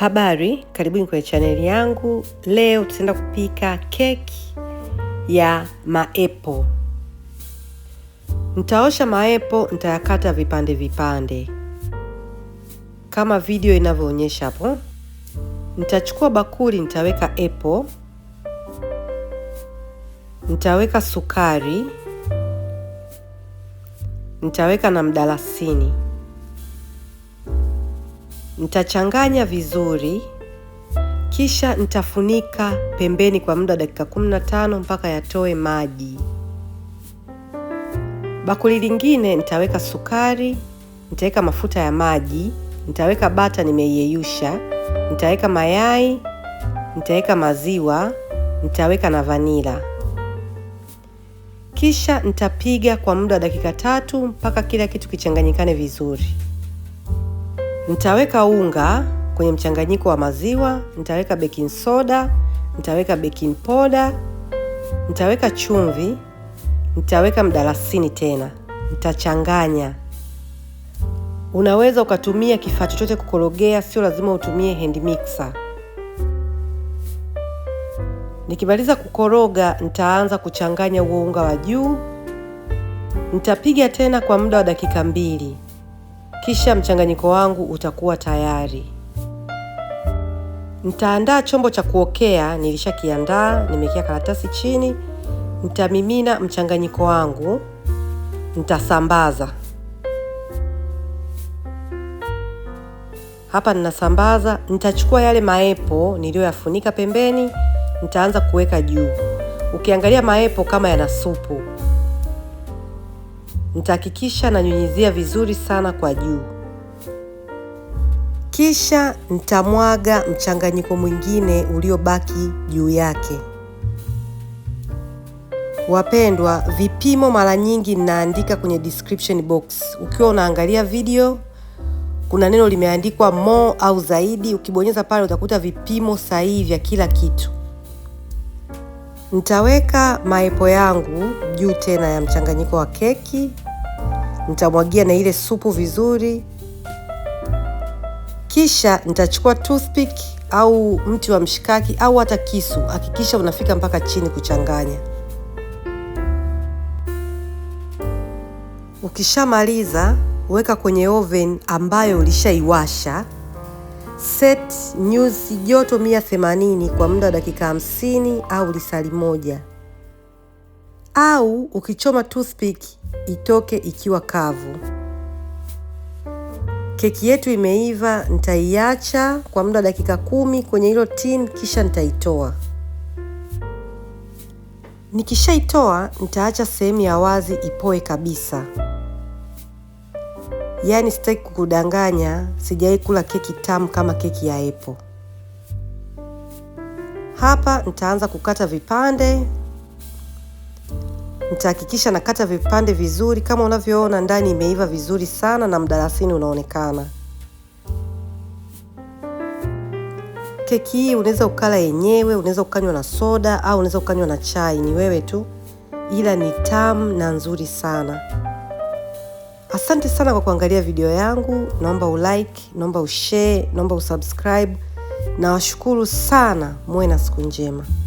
Habari, karibuni kwenye chaneli yangu. Leo tutaenda kupika keki ya maepo. Nitaosha maepo, nitayakata vipande vipande kama video inavyoonyesha hapo. Nitachukua bakuli, nitaweka epo, nitaweka sukari, nitaweka na mdalasini Nitachanganya vizuri kisha nitafunika pembeni kwa muda wa dakika 15 mpaka yatoe maji. Bakuli lingine nitaweka sukari, nitaweka mafuta ya maji, nitaweka bata nimeiyeyusha, nitaweka mayai, nitaweka maziwa, nitaweka na vanila. Kisha nitapiga kwa muda wa dakika tatu mpaka kila kitu kichanganyikane vizuri. Nitaweka unga kwenye mchanganyiko wa maziwa, nitaweka baking soda, nitaweka baking powder, nitaweka chumvi, nitaweka mdalasini tena, nitachanganya. Unaweza ukatumia kifaa chochote kukorogea, sio lazima utumie hand mixer. Nikimaliza kukoroga, nitaanza kuchanganya huo unga wa juu. Nitapiga tena kwa muda wa dakika mbili kisha mchanganyiko wangu utakuwa tayari. Nitaandaa chombo cha kuokea, nilishakiandaa, nimekia karatasi chini. Nitamimina mchanganyiko wangu, nitasambaza hapa, ninasambaza. Nitachukua yale maepo niliyoyafunika pembeni, nitaanza kuweka juu. Ukiangalia maepo kama yana supu nitahakikisha nanyunyizia vizuri sana kwa juu, kisha nitamwaga mchanganyiko mwingine uliobaki juu yake. Wapendwa, vipimo mara nyingi ninaandika kwenye description box. Ukiwa unaangalia video, kuna neno limeandikwa more au zaidi, ukibonyeza pale utakuta vipimo sahihi vya kila kitu. Nitaweka maepo yangu juu tena ya mchanganyiko wa keki, nitamwagia na ile supu vizuri, kisha nitachukua toothpick au mti wa mshikaki au hata kisu. Hakikisha unafika mpaka chini kuchanganya. Ukishamaliza weka kwenye oven ambayo ulishaiwasha Set nyuzi joto 180 kwa muda wa dakika 50 au lisali moja, au ukichoma toothpick itoke ikiwa kavu. Keki yetu imeiva, nitaiacha kwa muda wa dakika kumi kwenye hilo tin, kisha nitaitoa. Nikishaitoa nitaacha sehemu ya wazi ipoe kabisa. Yaani sitaki kukudanganya, sijawai kula keki tamu kama keki ya epo. Hapa nitaanza kukata vipande, nitahakikisha nakata vipande vizuri. Kama unavyoona, ndani imeiva vizuri sana na mdalasini unaonekana. Keki hii unaweza ukala yenyewe, unaweza ukanywa na soda au unaweza ukanywa na chai, ni wewe tu, ila ni tamu na nzuri sana. Asante sana kwa kuangalia video yangu, naomba ulike, naomba ushare, naomba usubscribe. Nawashukuru sana, muwe na siku njema.